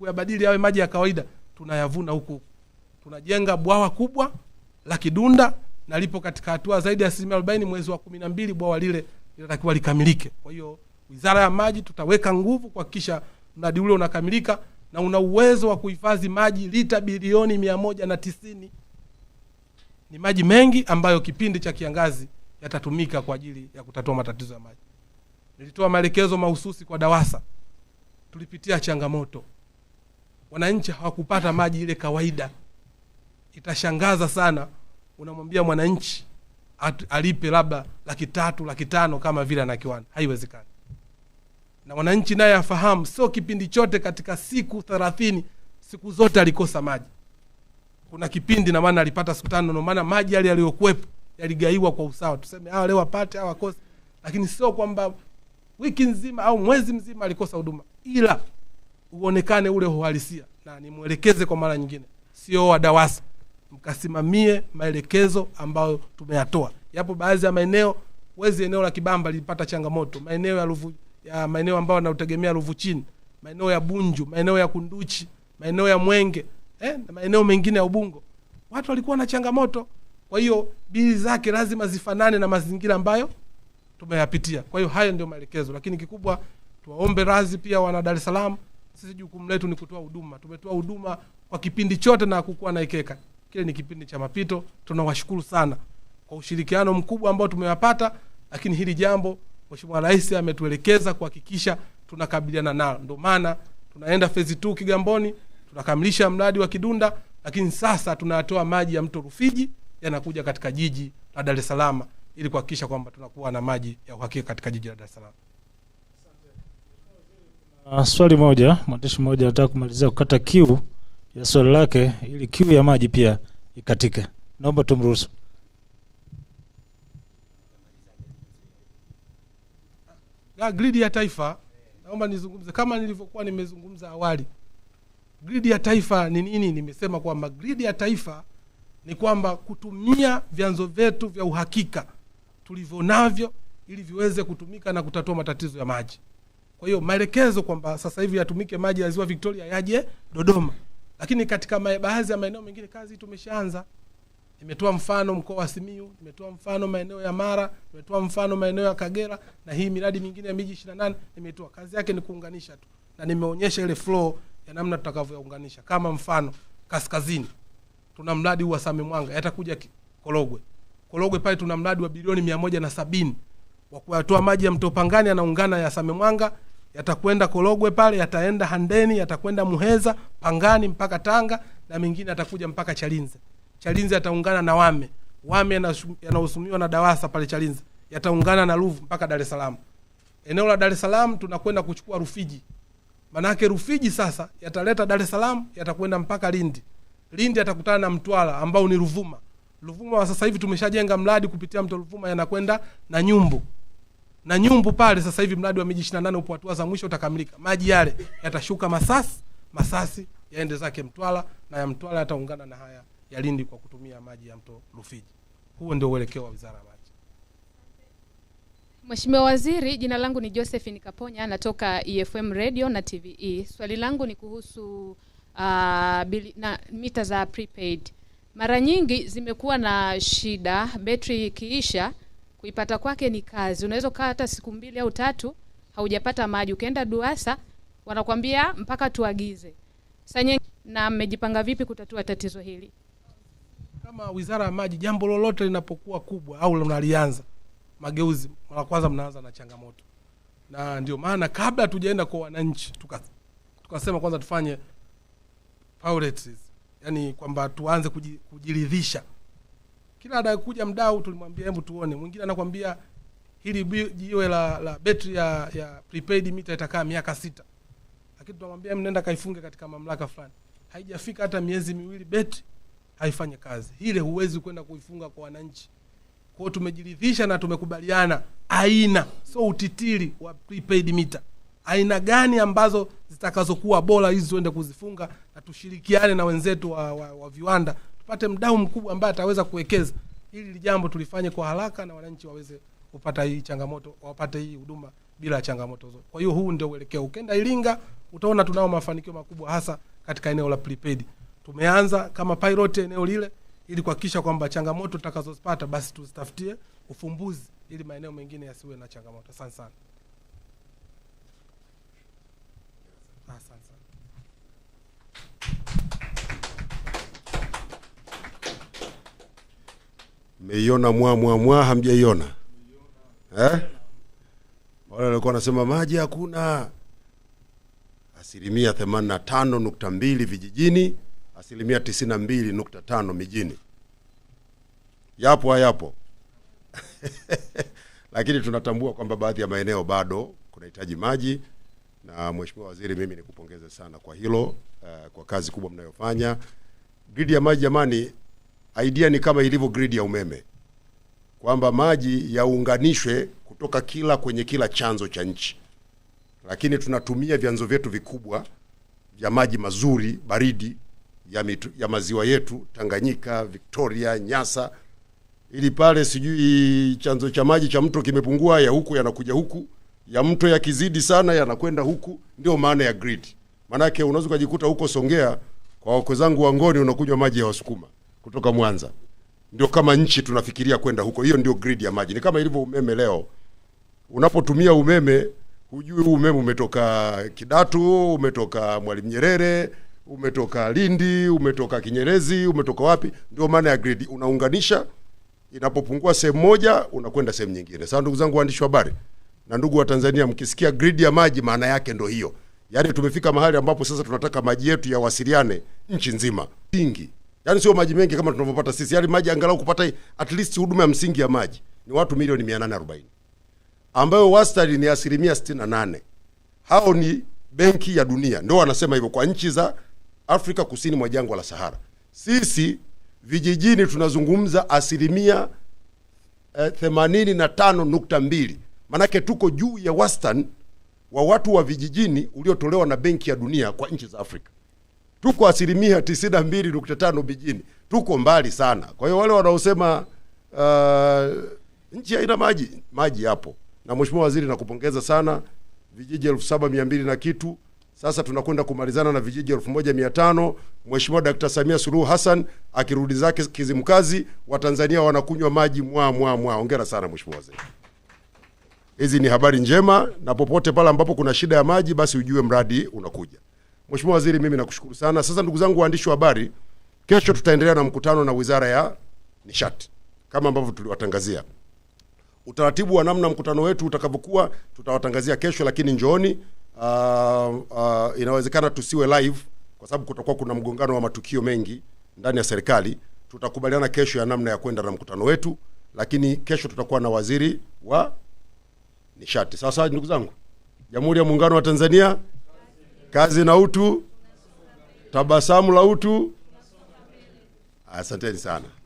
kuyabadili yawe maji ya kawaida, tunayavuna huku. Tunajenga bwawa kubwa la Kidunda na lipo katika hatua zaidi ya asilimia arobaini. Mwezi wa kumi na mbili bwawa lile linatakiwa likamilike. Kwa hiyo Wizara ya Maji tutaweka nguvu kuhakikisha mradi ule unakamilika na una uwezo wa kuhifadhi maji lita bilioni mia moja na tisini. Ni maji mengi ambayo kipindi cha kiangazi yatatumika kwa ajili ya kutatua matatizo ya maji. Nilitoa maelekezo mahususi kwa DAWASA, tulipitia changamoto wananchi hawakupata maji ile kawaida. Itashangaza sana unamwambia mwananchi alipe labda laki tatu laki tano kama vile na kiwanda, haiwezekani. Na mwananchi naye afahamu, sio kipindi chote katika siku thelathini siku zote alikosa maji. Kuna kipindi na maana alipata siku tano, maana maji yale yaliyokuwepo yaligaiwa kwa usawa, tuseme hawa leo wapate hawa lakini sio kwamba wiki nzima au mwezi mzima alikosa huduma, ila uonekane ule uhalisia, na nimwelekeze kwa mara nyingine, sio wadawasa, mkasimamie maelekezo ambayo tumeyatoa. Yapo baadhi ya maeneo, wezi eneo la Kibamba lilipata changamoto, maeneo ya Ruvu, ya maeneo ambayo yanategemea Ruvu chini, maeneo ya Bunju, maeneo ya Kunduchi, maeneo ya Mwenge eh, na maeneo mengine ya Ubungo, watu walikuwa na changamoto. Kwa hiyo bili zake lazima zifanane na mazingira ambayo tumeyapitia. Kwa hiyo hayo ndio maelekezo, lakini kikubwa tuwaombe radhi pia wana Dar es Salaam sisi jukumu letu ni kutoa huduma. Tumetoa huduma kwa kipindi chote na kukuwa na ikeka. Kile ni kipindi cha mapito. Tunawashukuru sana kwa ushirikiano mkubwa ambao tumewapata, lakini hili jambo Mheshimiwa Rais ametuelekeza kuhakikisha tunakabiliana nalo. Ndio maana tunaenda fezi 2 Kigamboni, tunakamilisha mradi wa Kidunda, lakini sasa tunatoa maji ya mto Rufiji yanakuja katika jiji la Dar es Salaam ili kuhakikisha kwamba tunakuwa na maji ya uhakika katika jiji la Dar es Salaam. Uh, swali moja, mwandishi mmoja anataka kumalizia kukata kiu ya swali lake ili kiu ya maji pia ikatike. Naomba tumruhusu. Na gridi ya taifa, naomba nizungumze kama nilivyokuwa nimezungumza awali. Gridi ya taifa ni nini? Nimesema kwamba gridi ya taifa ni kwamba kutumia vyanzo vyetu vya uhakika tulivyo navyo ili viweze kutumika na kutatua matatizo ya maji. Kwa hiyo maelekezo kwamba sasa hivi yatumike maji ya ziwa Victoria yaje Dodoma, lakini katika baadhi ya maeneo mengine kazi tumeshaanza. Nimetoa mfano mkoa wa Simiu, nimetoa mfano maeneo ya Mara, nimetoa mfano maeneo ya Kagera na hii miradi mingine ya miji 28 nimetoa. Kazi yake ni kuunganisha tu, na nimeonyesha ile flow ya namna tutakavyounganisha. Kama mfano kaskazini tuna mradi huu wa Same Mwanga, yatakuja Korogwe. Korogwe pale tuna mradi wa bilioni mia moja na sabini wa kuyatoa maji ya mto Pangani anaungana ya Same Mwanga yatakwenda Korogwe pale, yataenda Handeni, yatakwenda Muheza, Pangani mpaka Tanga, na mengine yatakuja mpaka Chalinze. Chalinze yataungana na Wame, Wame yanahusumiwa na Dawasa pale Chalinze, yataungana na Ruvu mpaka Dar es Salaam. Eneo la Dar es Salaam tunakwenda kuchukua Rufiji, manake Rufiji sasa yataleta Dar es Salaam, yatakwenda mpaka Lindi. Lindi atakutana na Mtwara ambao ni Ruvuma. Ruvuma wa sasa hivi tumeshajenga mradi kupitia mto Ruvuma, yanakwenda na Nyumbu na nyumbu pale sasa hivi mradi wa miji 28 upo hatua za mwisho utakamilika. Maji yale yatashuka Masasi, Masasi yaende zake Mtwara na ya Mtwara yataungana na haya ya Lindi kwa kutumia maji ya mto Rufiji. Huo ndio uelekeo wa Wizara ya Maji. Mheshimiwa Waziri, jina langu ni Josephine Kaponya, natoka EFM Radio na TVE. Swali langu ni kuhusu uh, bili, na mita za prepaid. Mara nyingi zimekuwa na shida, betri ikiisha kuipata kwake ni kazi. Unaweza ukaa hata siku mbili au tatu haujapata maji, ukienda DUWASA wanakwambia mpaka tuagize. sanye. na mmejipanga vipi kutatua tatizo hili? Kama wizara ya maji, jambo lolote linapokuwa kubwa au unalianza mageuzi, mara kwanza mnaanza na changamoto, na ndio maana kabla tujaenda kwa wananchi tukasema tuka kwanza tufanye yani kwamba tuanze kujiridhisha kila anakuja mdau tulimwambia hebu tuone. Mwingine anakwambia hili jiwe la, la betri ya, ya prepaid mita itakaa miaka sita, lakini tunamwambia nenda kaifunge katika mamlaka fulani. Haijafika hata miezi miwili betri haifanye kazi ile, huwezi kwenda kuifunga kwa wananchi. kwao tumejiridhisha na tumekubaliana aina, so utitili wa prepaid mita, aina gani ambazo zitakazokuwa bora hizi tuende kuzifunga, na tushirikiane na wenzetu wa, wa, wa viwanda tupate mdau mkubwa ambaye ataweza kuwekeza ili jambo tulifanye kwa haraka na wananchi waweze kupata hii changamoto wapate hii huduma bila changamoto zote. Kwa hiyo huu ndio uelekeo. Ukenda Iringa utaona tunao mafanikio makubwa hasa katika eneo la prepaid. Tumeanza kama pilot eneo lile ili kuhakikisha kwamba changamoto tutakazozipata basi tuzitafutie ufumbuzi ili maeneo mengine yasiwe na changamoto. Asante sana. Asante sana. Mmeiona mwa mwa mwa, hamjaiona eh? Wale walikuwa wanasema maji hakuna. Asilimia themanini vijijini, asilimia 925 mijini. Yapo hayapo? Lakini tunatambua kwamba baadhi ya maeneo bado kunahitaji maji na Mheshimiwa Waziri, mimi nikupongeze sana kwa hilo uh, kwa kazi kubwa mnayofanya. Gridi ya maji jamani, Idea ni kama ilivyo gridi ya umeme kwamba maji yaunganishwe kutoka kila kwenye kila chanzo cha nchi, lakini tunatumia vyanzo vyetu vikubwa vya maji mazuri baridi ya, mitu, ya maziwa yetu Tanganyika, Victoria, Nyasa, ili pale sijui chanzo cha maji cha mto kimepungua, ya huku yanakuja huku, ya mto yakizidi sana yanakwenda huku. Ndio maana ya grid, maanake unaweza ukajikuta huko Songea kwa wako zangu Wangoni unakunywa maji ya Wasukuma kutoka Mwanza. Ndio kama nchi tunafikiria kwenda huko. Hiyo ndio grid ya maji, ni kama ilivyo umeme leo. Unapotumia umeme hujui huu umeme umetoka Kidatu, umetoka Mwalimu Nyerere, umetoka Lindi, umetoka Kinyerezi, umetoka wapi? Ndio maana ya grid, unaunganisha. Inapopungua sehemu moja, unakwenda sehemu nyingine. Sasa ndugu zangu waandishi wa habari na ndugu wa Tanzania, mkisikia grid ya maji, maana yake ndio hiyo. Yaani tumefika mahali ambapo sasa tunataka maji yetu yawasiliane nchi nzima. Pingi Yaani sio maji mengi kama tunavyopata sisi. Yaani maji angalau kupata at least huduma ya msingi ya maji ni watu milioni 840 ambayo wastani ni asilimia 68. Hao ni Benki ya Dunia ndio wanasema hivyo kwa nchi za Afrika kusini mwa jangwa la Sahara. Sisi vijijini tunazungumza asilimia eh, 85.2, manake tuko juu ya wastani wa watu wa vijijini uliotolewa na Benki ya Dunia kwa nchi za Afrika tuko asilimia tisini mbili nukta tano mijini, tuko mbali sana. Kwa hiyo wale wanaosema uh, nchi haina maji, maji yapo. Na mheshimiwa waziri, nakupongeza sana. Vijiji elfu saba mia mbili na kitu sasa tunakwenda kumalizana na vijiji elfu moja mia tano Mheshimiwa Dkt. Samia Suluhu Hassan akirudi zake Kizimkazi, Watanzania wanakunywa maji mwa mwa mwa. Hongera sana mheshimiwa waziri. Hizi ni habari njema, na popote pale ambapo kuna shida ya maji, basi ujue mradi unakuja. Mheshimiwa Waziri, mimi nakushukuru sana. Sasa ndugu zangu waandishi wa habari, kesho tutaendelea na mkutano na Wizara ya Nishati kama ambavyo tuliwatangazia. Utaratibu wa namna mkutano wetu utakavyokuwa tutawatangazia kesho, lakini njooni. Uh, uh, inawezekana tusiwe live kwa sababu kutakuwa kuna mgongano wa matukio mengi ndani ya serikali. Tutakubaliana kesho ya namna ya kwenda na mkutano wetu, lakini kesho tutakuwa na waziri wa nishati. Sawa ndugu zangu, Jamhuri ya Muungano wa Tanzania kazi na utu, tabasamu la utu. Asanteni sana.